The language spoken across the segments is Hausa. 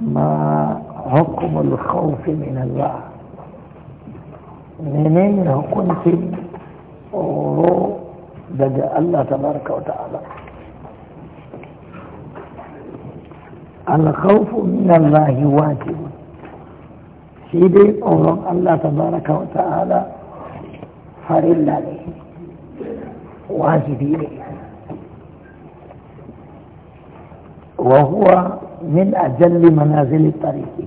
ما حكم الخوف من الله منين يكون في أورو بدأ الله تبارك وتعالى الخوف من الله واجب سيدي أورو الله تبارك وتعالى فرلا لي واجبي لي وهو min ajalli manazili tariki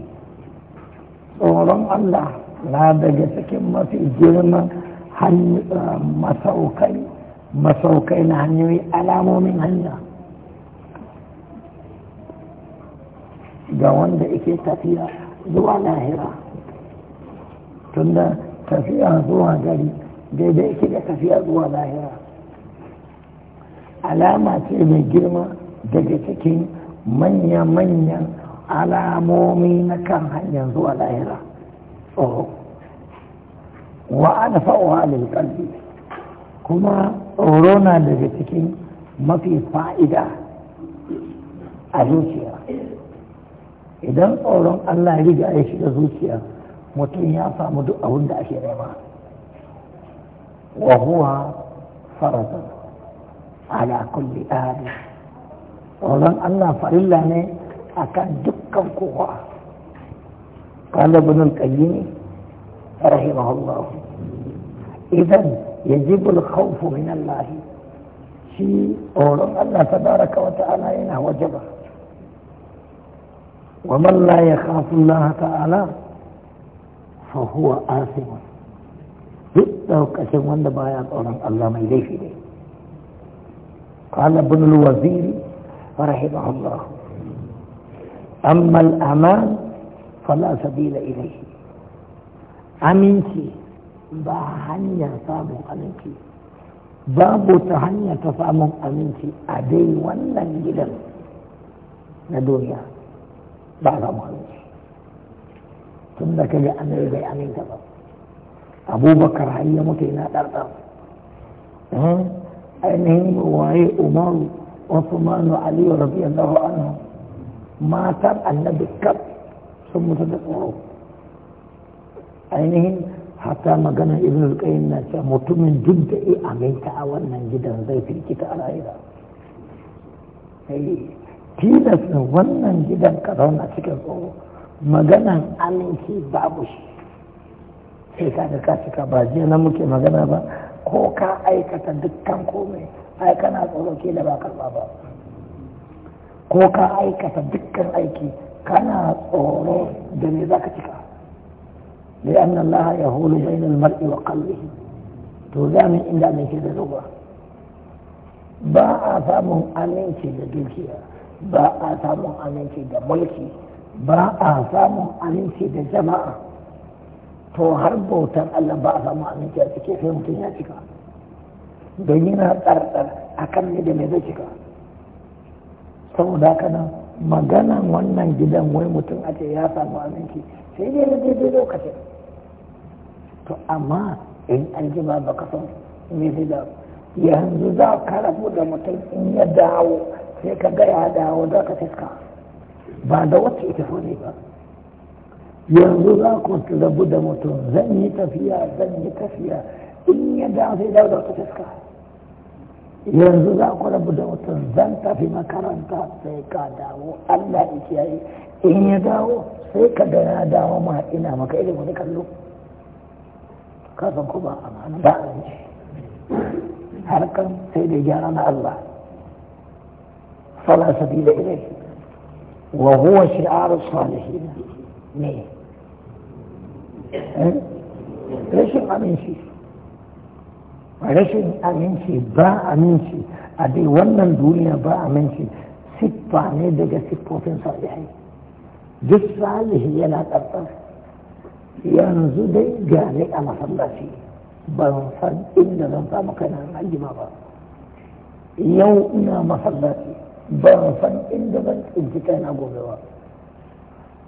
tsoron Allah na daga cikin mafi girman eh, masaukai masaukai na hanyoyi alamomin hanya ga wanda ike tafiya zuwa lahira tunda tafiya zuwa gari daidai ki da tafiya zuwa lahira alama ce mai girma daga cikin manya-manyan alamomi na kan hanyar zuwa lahira tsoro wa ana fa'uwa lilkalbi kuma tsoro na daga cikin mafi fa'ida a zuciya idan tsoron allah ya riga ya shiga zuciya mutum ya samu duk abin da ake nema wa huwa farazan ala kulli ɗari. ولن الله فإلا نه أكان دكم قال ابن القيم رحمه الله إذا يجب الخوف من الله في أولم الله تبارك وتعالى إنه وجب ومن لا يخاف الله تعالى فهو آثم يتو كسم وند بايات أولم الله ما إليه قال ابن الوزير فرحمه الله أما الأمان فلا سبيل إليه aminci ba hanya samun aminci babu ta hanya ta samun aminci a dai wannan gidan na duniya ba samun aminci tun da kaga amir bai aminta ba abubakar har ya mutu yana ɗarɗar ainihin waye umaru Uthman wa Ali radiyallahu anhu matar annabi kaf sun mutu da tsoro ainihin hata magana irin al na cewa mutumin duk da ya aminta a wannan gidan zai firkita a rayuwa tilas da wannan gidan ka zauna cikin tsoro maganan aminci babu shi sai ka da ka cika ba jiya na muke magana ba ko ka aikata dukkan komai ai kana tsoroke da ba karba ba ko ka aikata dukkan aiki kana tsoro da me za ka cika da yi annan laha ya hulu bainul mar'i wa kallihi to za mu inda mai ke da zuwa ba a samun aminci da dukiya ba a samun aminci da mulki ba a samun aminci da jama'a to har bautar Allah ba a samu a cike sai mutum ya cika don yana tsartsar a kan ne da mai zai cika saboda kana maganan wannan gidan wai mutum a ce ya samu aminci sai dai na daidai lokacin to amma in an ji ba baka son me zai da yanzu za ka rabu da mutum in ya dawo sai ka gaya ya dawo za ka fiska ba da wacce ita so ne ba ينظر قلت لابد موت زنيت فيها زنيت فيها إن يدعث إلى ودعك تسكى ينظر قلت لابد موت زنت في مكان تسكى دعو ألا إتيائي إن يدعو سيكا دعو, دعو ما إنا مكيلي مدك اللو كاسم كبا أمانا بارش حركا سيد جارنا الله صلى سبيل إليه وهو شعار الصالحين ليه Eh? rashin aminci rashin aminci ba aminci a dai wannan duniya ba aminci siffa ne daga siffofin salihai duk salihi yana ƙarfar yanzu dai gane a masallaci ban san inda zan samu kaina hajjima ba yau ina masallaci ban san inda zan tsinci kaina gobe ba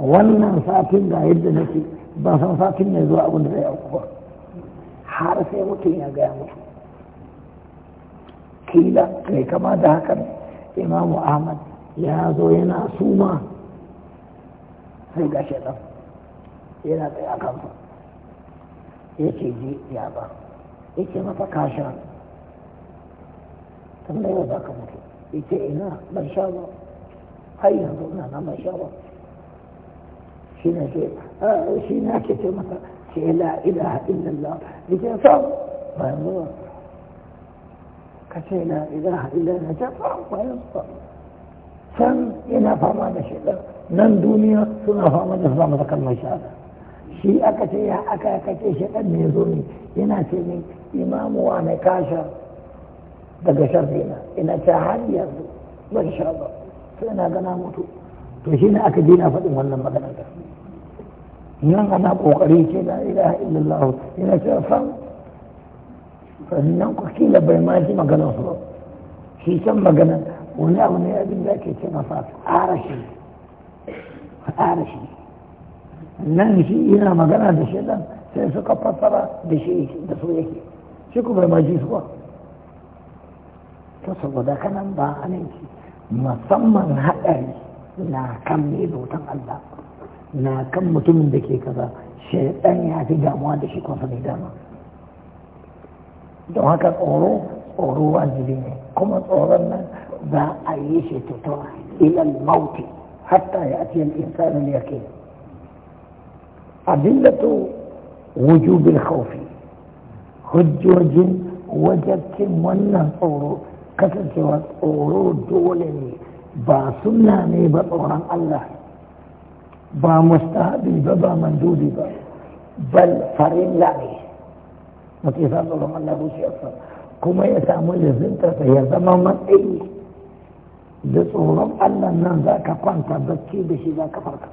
wannan satin ga yadda nake ba san satin mai zuwa abin da zai auku ba har sai mutum ya gaya mutu kila kai kama da hakan imamu ahmad ya zo yana suma sai ga shaitan yana tsaye a kansa ya ce ji ya ba ya ce masa kasha yau za ka mutu ya ce ina ban sha ba har yanzu ina na ban sha ba shi ne ke ah, shi na ke masa ce la ilaha illallah da ke sam bayan zuwa ka ce la ilaha illallah ce sam bayan zuwa can yana fama da shaidar nan duniya suna fama da zama da kalmar shahada shi aka ce ya aka aka ne zo ne yana ce ne imamuwa na kasha daga sharrina ina ta har yanzu ban sha ba sai na gana mutu to shi ne aka dina faɗin wannan maganar nan ana kokari ce da ilaha illallah yana cewa sam sannan ku kila bai ma ji maganar su ba shi san magana wani abu ne abin da ake ce masa arashi arashi nan shi yana magana da shi dan sai suka fassara da shi da su yake shi ku bai ma ji su ba to saboda kanan ba aminci musamman haɗari na kan mai bautan Allah na kan mutumin da ke kaza shaidan ya fi damuwa da shi kwasa mai dama don haka tsoro tsoro wajibi ne kuma tsoron nan za a yi shi tuto ilal mauti hatta ya ake al'insanu ne yake adillatu wujubin khawfi hujjojin wajabcin wannan tsoro kasancewa tsoro dole ne ba suna ne ba tsoron Allah ba mustahabi ba ba mandubi ba bal farilla ne mutum ya samu tsoron Allah zuciyarsa kuma ya samu lizintarsa ya zama matsayi da tsoron Allah nan za ka kwanta bacci da shi za ka farka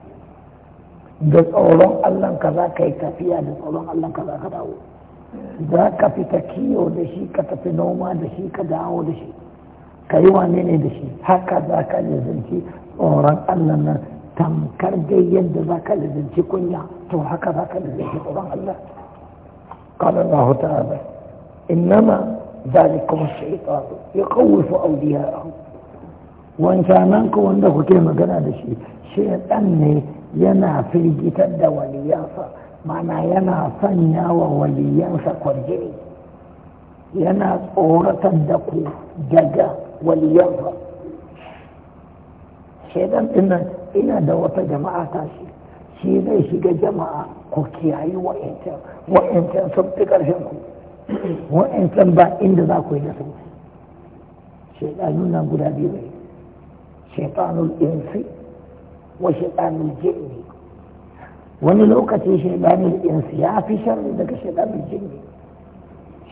da tsoron Allah ka za ka yi tafiya da tsoron Allah ka za ka dawo za ka fita kiyo da shi ka tafi noma da shi ka dawo da shi ka yi wane ne da shi haka za ka lizinci tsoron Allah nan tamkar dai yadda za lizinci kunya to haka za lizinci Allah قال الله تعالى إنما ذلكم الشيطان يخوف أولياءه وإن شامنكم وإنه كما قال هذا الشيء شيطان ينا في الجتد وليانسا معنى ينا صنع ووليانسا كرجلي ينا صورة الدقو دجا وليانسا shaidan dinnan ina da wata jama'a ta shi shi zai shiga jama'a ku kiyayi wa'ancan wa'ancan sun fi ƙarshen ku wa'ancan ba inda za ku yi da su shaidanun nan guda biyu ne shaitanul insi wa shaitanul jinni wani lokaci shaidanul insi ya fi sharri daga shaidanul jinni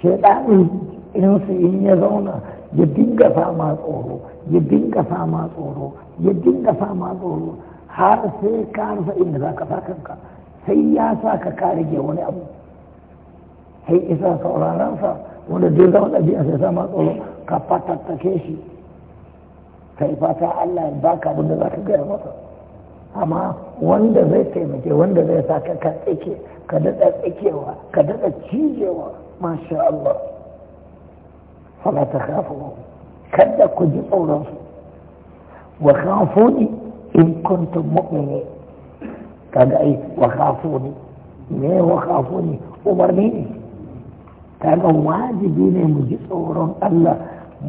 shaidanul insi in ya zauna ya dinga fama tsoro ya dinga fama tsoro ya dinga fama tsoro har sai ka rasa inda za ka sa kanka sai ya sa ka ka rage wani abu sai isa saurarensa wanda duk zama ɗabi'a sai sama tsoro ka fatattake shi kai fata Allah ya baka abin da za ka gaya masa amma wanda zai taimake wanda zai sa ka ka tsike ka daɗa tsikewa ka daɗa cijewa masha Allah فلا تخافوا كذا كنت يقول رسول وخافوني إن كنتم مؤمنين قال أي وخافوني ليه وخافوني أمرني قال واجبين مجسور الله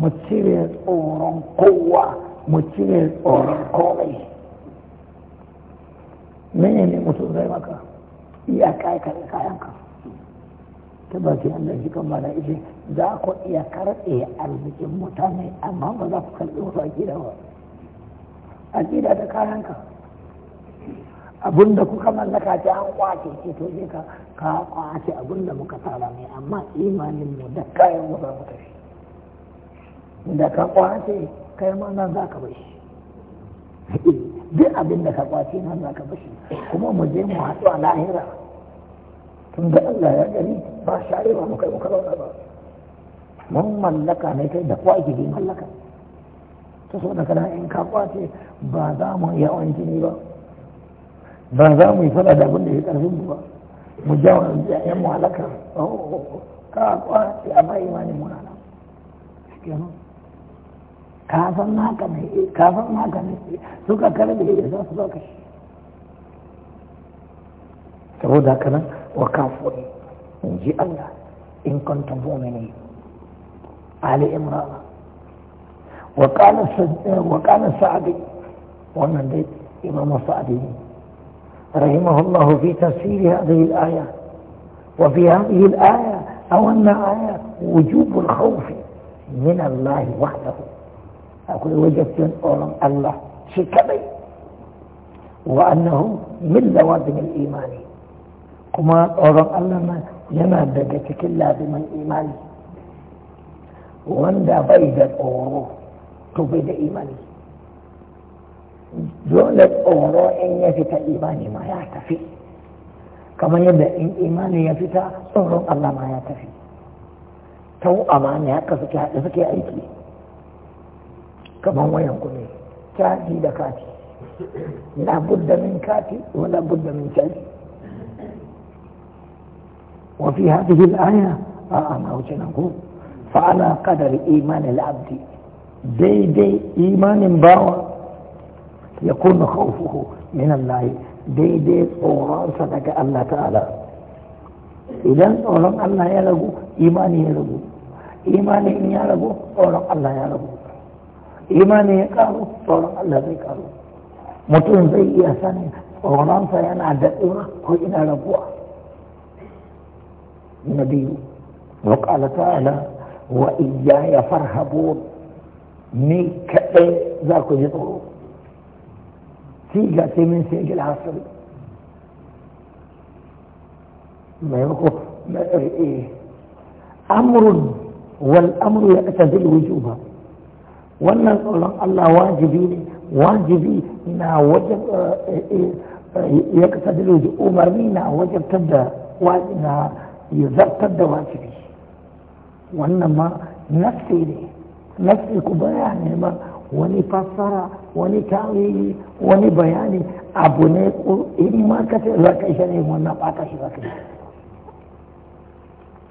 متسير أور قوة متسير أور قوي من اللي مسؤول عنك يا كايكا كاي كايكا كاي تبقى كي عندك كم ملايين za ku iya karɓe arzikin mutane amma ba za ku karɓe wasu a gida ba a gida da kayanka abin da kuka mallaka ta an kwace ce to je ka ka kwace abin da muka tsara ne amma imanin mu da kayan mu za mu tafi da ka kwace kai ma nan za ka bashi duk abin da ka kwace nan za ka bashi kuma mu je mu haɗu a lahira tun da Allah ya gani ba sharewa mu kai mu zauna ba mun mallaka ne kai da kuwa ake mallaka ta so da kana in ka kwace ba za mu iya wanki ne ba ba za mu yi fada da abin da ya karfin ba mu ja wa yan mallaka halaka oh, oh, oh, ka kwace a bai imanin mu na nan ka san haka ne eh, ka san haka ne eh, suka karbe ya eh, za su zaka shi saboda haka nan wa kafuri in ji Allah in kuntum mu'minin على امرأة وقال وقال سعدي ومن ديت إمام سعدي رحمه الله في تفسير هذه الآية وفي هذه الآية أو أن آية وجوب الخوف من الله وحده أقول وجدت أولم الله شكبي وأنه من لوازم الإيمان كما أولم الله ما ينادك الله بمن إيمانه wanda bai da tsoro to bai da imani dole tsoro in ya fita imani ma ya tafi kamar yadda in imani ya fita tsoron Allah ma ya tafi tau amana haka suke haɗe suke aiki kamar wayan ku ne caji da kati na budda min kati wala budda min caji wa fi hadhihi al-aya a'a ma wuce nan ko فعلى قدر إيمان العبد زي دي إيمان باوى يكون خوفه من الله دي دي صوران صدق الله تعالى إذا صوران الله يلغو إيمان يلغو إيمان يلغو صوران الله يلغو إيمان يقارو صوران الله يقارو متون زي يساني صوران سينا دقوة وإنا ربوة النبي وقال تعالى وإياي فارهبون ميك ذاك يطلو سيجاتي من سيج العصر ما يوقف ما إيه أمر والأمر يعتذر الوجوب وأن الله واجبي واجبي نا وجب آه، آه، آه، يقتدي الوجوب أمرنا وجب تبدأ وأنا يذكر واجبي wannan ma nafsi ne nafsi ku baya neman wani fassara wani tarihi wani bayani abu ne ko in ma ka ce za ka ne wannan ɓata shi za ka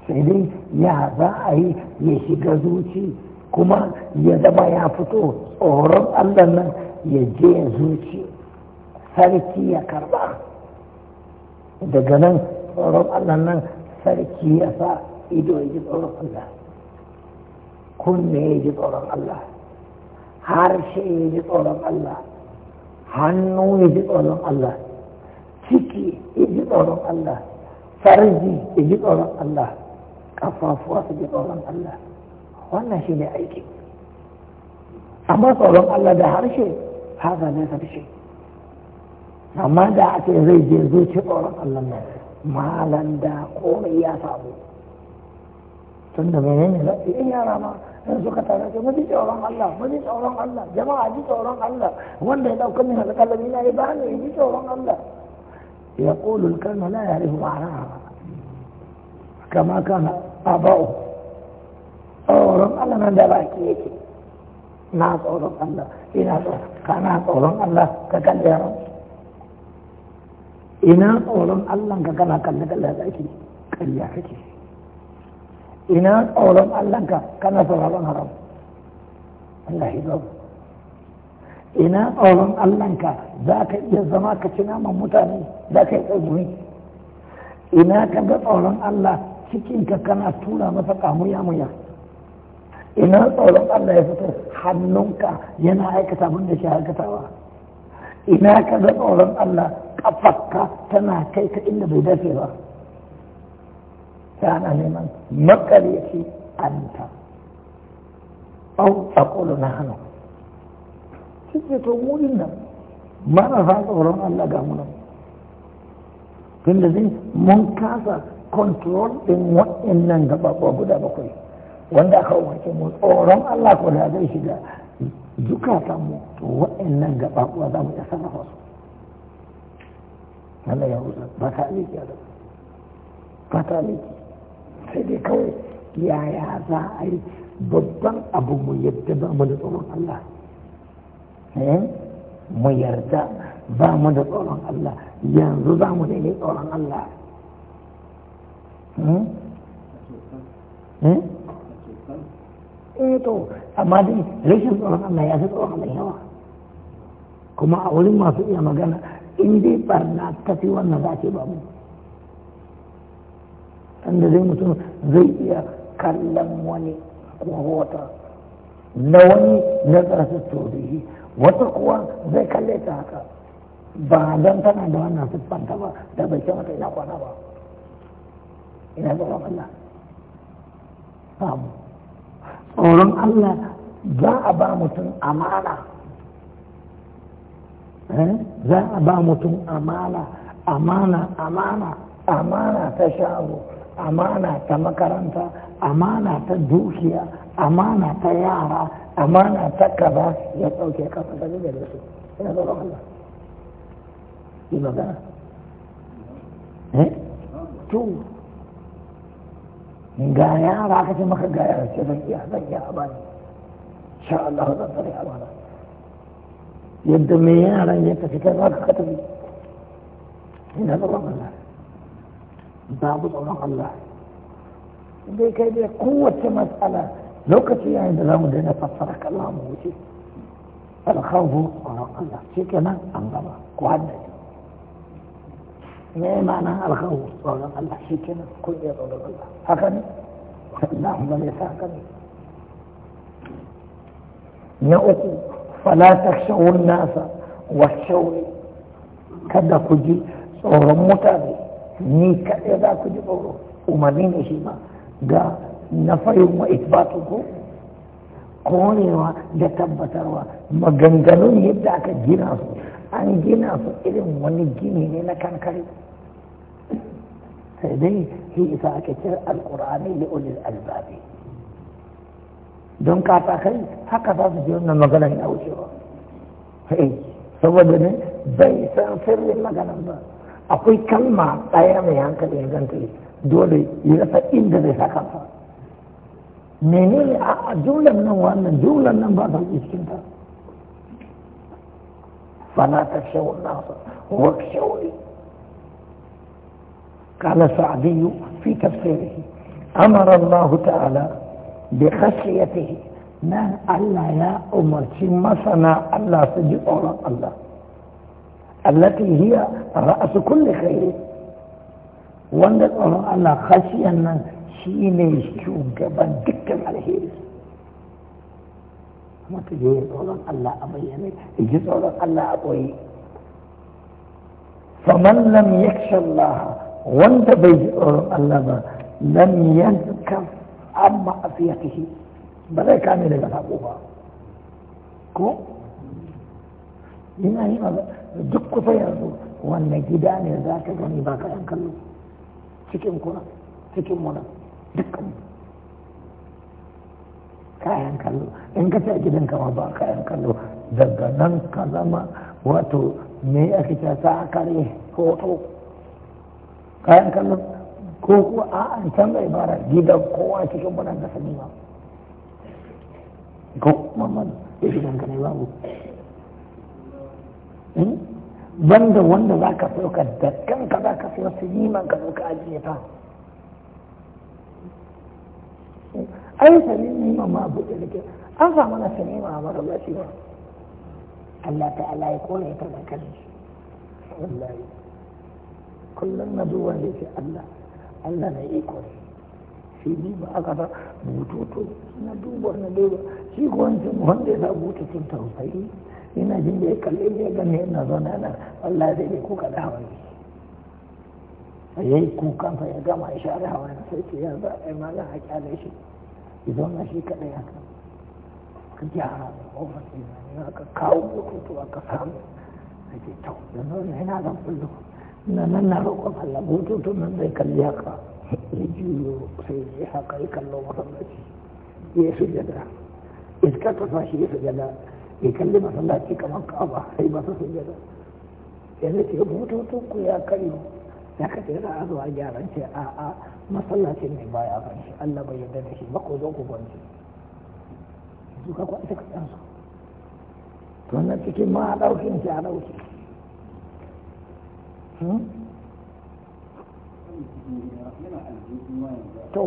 sai dai ya za a yi ya shiga zuci kuma ya zama ya fito tsoron allah nan ya je ya zuci sarki ya karba daga nan tsoron allah nan sarki ya sa ido ya ji tsoron Allah kunne ya ji tsoron Allah harshe ya ji tsoron Allah hannu ya ji tsoron Allah ciki ya ji tsoron Allah farji ya tsoron Allah kafafuwa su ji tsoron Allah wannan shi ne aiki amma tsoron Allah da harshe haza ne harshe amma da ake zai je zuci tsoron Allah ne malan da komai ya samu tun da menene za in yara ma in suka tare su mafi tsoron Allah mafi tsoron Allah jama'a ji tsoron Allah wanda ya dauka min alƙalami na ya bani ji tsoron Allah ya qulu al-kalma la ya'rifu ma'anaha kama kana aba'u tsoron Allah nan da baki yake na tsoron Allah ina tsoron kana tsoron Allah ka kalle ran ina tsoron Allah ka kana kalle kalle zaki ƙarya kake ina tsoron allanka kana sauraron haram Allah ya ina tsoron allanka za ka iya zama ka ci naman mutane za ka yi ina ka ga tsoron allah cikinka kana tura masa kamuya-muya ina tsoron allah ya fito hannunka yana aikata abin da shi aikatawa ina ka ga tsoron allah kafarka tana kai ka inda bai dace ba sai ana neman makaryaci anta au aqulu shi kike to mu din nan marasa tsoron Allah ga mu nan da zai mun kasa control din ga gabaɓa guda bakwai wanda aka umarce mu tsoron Allah ko da zai shiga ta mu to ga gabaɓa za mu iya sarrafa su Allah ya huta ba ta aliki ba ta aliki sai dai kawai yaya za a yi babban abu mu yadda ba mu da tsoron Allah eh? mu yarda ba mu da tsoron Allah yanzu za mu tsoron Allah hmm? Hmm? eh to amma dai rashin tsoron Allah ya fi tsoron Allah yawa kuma a wurin masu iya magana in dai barna ta fi wannan za ce ba mu inda zai mutum zai iya kallon wani ko wata na wani na tsarsu torihi wata kuwa zai kalle ta haka ba don tana da wannan siffanta ba da bai ce mata ina kwana ba ina tsoron Allah samu tsoron Allah za a ba mutum amana eh? za a ba mutum amana amana amana amana ta shago amana ta makaranta amana ta dukiya amana ta yara amana ta kaza ya ɗauke ta da su ina Allah yi magana eh to ga yara kace maka ga yara ce zan iya zan iya Allah zan tsare amana yadda yaran ya tafi kai ka ina Allah babu tsoron Allah dai kai dai kowace matsala lokaci yayin da zamu daina fassara kallon mu wuce alkhawfu tsoron Allah shikenan an gaba ko haddace me ma'ana alkhawfu tsoron Allah shikenan ko iya tsoron Allah haka ne Allahumma ya sa haka ne na uku falata shawun nasa wa shawri kada ku ji tsoron mutane ni kaɗai za ku ji tsoro umarni ne shi ma ga na fayin wa isbatu ko konewa da tabbatarwa maganganun yadda aka gina su an gina su irin wani gini ne na kankare sai dai shi isa ake cire alkur'ani da ulil albabi don kai haka za su ji wannan maganar ya wucewa saboda ne bai san sirrin maganar ba akwai kalma ɗaya mai hankali ya ganta dole ya rasa inda zai saka ta menene a jumlar nan wannan jumlar nan ba ta cikin ta fala ta shawun nasa wa shawri قال سعدي في تفسيره أمر الله تعالى بخشيته nan Allah ya umarci masana Allah su ji tsoron Allah التي هي رأس كل خير وندل أن خشي أن شيني شو جبن دكم عليه ما تجيه أولاً الله أبيني يعني يجيز أولاً الله أبوي فمن لم يكش الله وانت بيجي أولاً الله ما لم يذكر عن معصيته بل كامل لك أبوها كو duk kusa yanzu wannan gida ne za ka gani ba ka kallo cikin kuna cikin muna dukkan kayan kallo in ka ce gidan kama ba kayan kallo daga nan ka zama wato me ake ce sa kare to kayan kallo ko kuwa a an mai bara gidan kowa cikin muna da sani ba ko mamman gidan ka ne babu banda wanda za ka sauka da kanka za ka sauka su yiman ka ka ajiye ta ai sani nima ma abu da nake an samu na sani ma mara lafiya Allah ta Allah ya kore ta da kan wallahi kullum na duwa da ce Allah Allah na yi ne shi ni ba aka ta bututu na duba na duba shi ko wancan wanda ya sa bututun tausayi ina jin da ya kalle ya gane yana zaune yana Allah zai yi kuka da ne ya yi kukan fa ya gama ya share hawaye sai ce ya za a yi malam a kyale shi idan na shi kaɗai haka ka gyara da ofis ina ne ka kawo bututu aka samu na ce kyau da nuna yana da kullum. na nan na roƙon Allah bututu nan zai kalli haka ya juyo sai ya haka ya kallo masallaci ya sujada iska ta fashi ya sujada ya kalli masallaci kamar kaba sai masa sujjada yanzu ce bututun ku ya kari ya kace yana azuwa gyaran ce a a masallacin ne ba kan shi Allah bai yarda da shi mako zo ku gwanci su ka kwanta ka dan su to na cikin ma daukin ta dauki hmm? to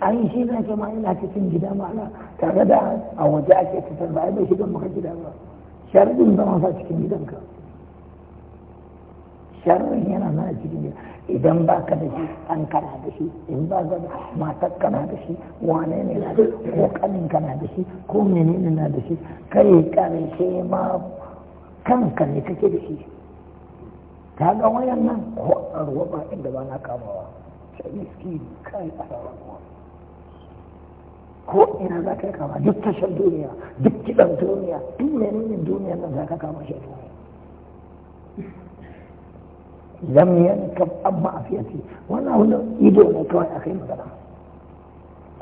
an shi na ce ma ina cikin gida ma'ana tare da a waje ake fitar ba bai shigan maka gida ba sharrin zama sa cikin gidanka sharrin yana nan cikin gida idan ba ka da shi an kana da shi in ba ka da matar kana da shi wane ne na da ko kanin kana da shi ko menene na da shi kai karshe ma kanka ne kake da shi ta ga wayan nan ko a ruwa ba inda ba na kamawa sai miski kai a rawa ko ina za ka kama duk tashar duniya duk kiɗan duniya duk menene duniya nan za ka kama shi duniya lam yankab amma afiyati wannan wannan ido ne kawai akai magana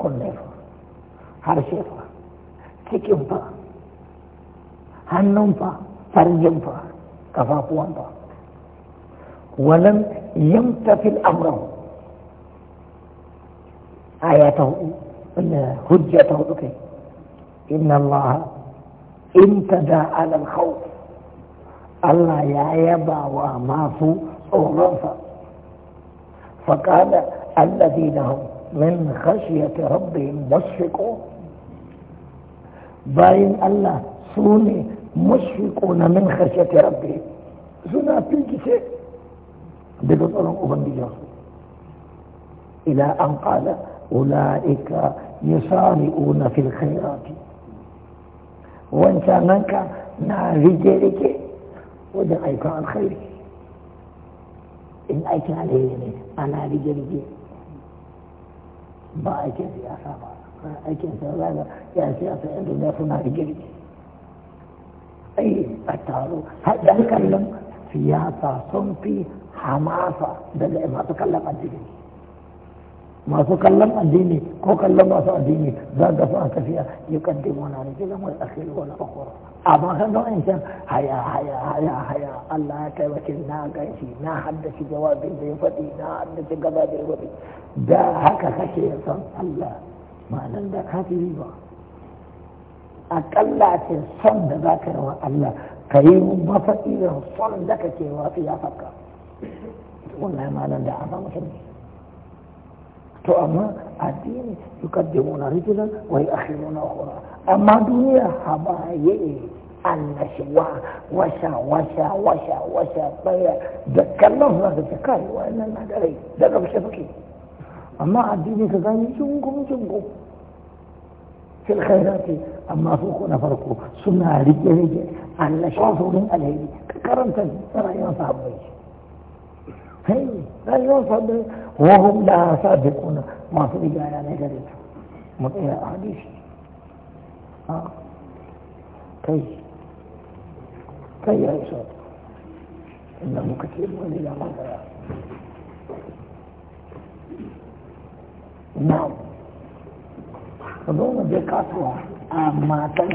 kunne fa harshe fa cikin fa hannun fa farjin fa kafafuwan fa ولم يمتثل أمره آياته هجته أوكي. إن الله امتدى على الخوف الله يا يبا وما صورفا فقال الذين هم من خشية ربهم مشفقون باين الله سوني مشفقون من خشية ربهم سنة في شيء بذلهم أبنية إلى أن قال أولئك يسارعون في الخيرات وإن كان منك ناري جيرك ودعيك عن خيرك إن أيك عليهم أنا ناري جيرك ما أيك في أصابع أيك في أصابع يا سياسة عندنا في ناري جيرك أي التعرف هل تكلم في هذا صنفي حماسة دل ما تكلم الدين ما تكلم الدين كو كلم واسو الدين ذا دفع كفيا يقدمون على كذا مو الأخير ولا أخر أما كان دون إنسان هيا هيا هيا هيا الله كي وكل نا كيشي نا جواب بي فتي نا قضاء بي دا هكا خشي يصن الله ما لن دا خاتي أكلا تنسن دا ذاكرة الله كيوم بفتي صن دكا فيها فكرة والله ما عنده عظمة فأما الدين يقدمون رجلا ويؤخرون أخرى أما الدنيا حبايا النشوة وشا وشا وشا وشا بيا ذكرناه لا تذكر وإن ما دري ذكر بشفكي أما الدين كذاني جنكم جنكم في الخيرات أما فوق نفرقه سنة رجل رجل النشوة فوق الهيدي كرمت ترى يا صاحبي હે કયો શબ્દ હોમ દા સાધકોના માથું ગાયાને કરે છે મોટે આદિ છે હા કઈ કઈ આવશો એમના મુખથી બોલી લાંબા કર્યા નામ જે કાચવા આ માતા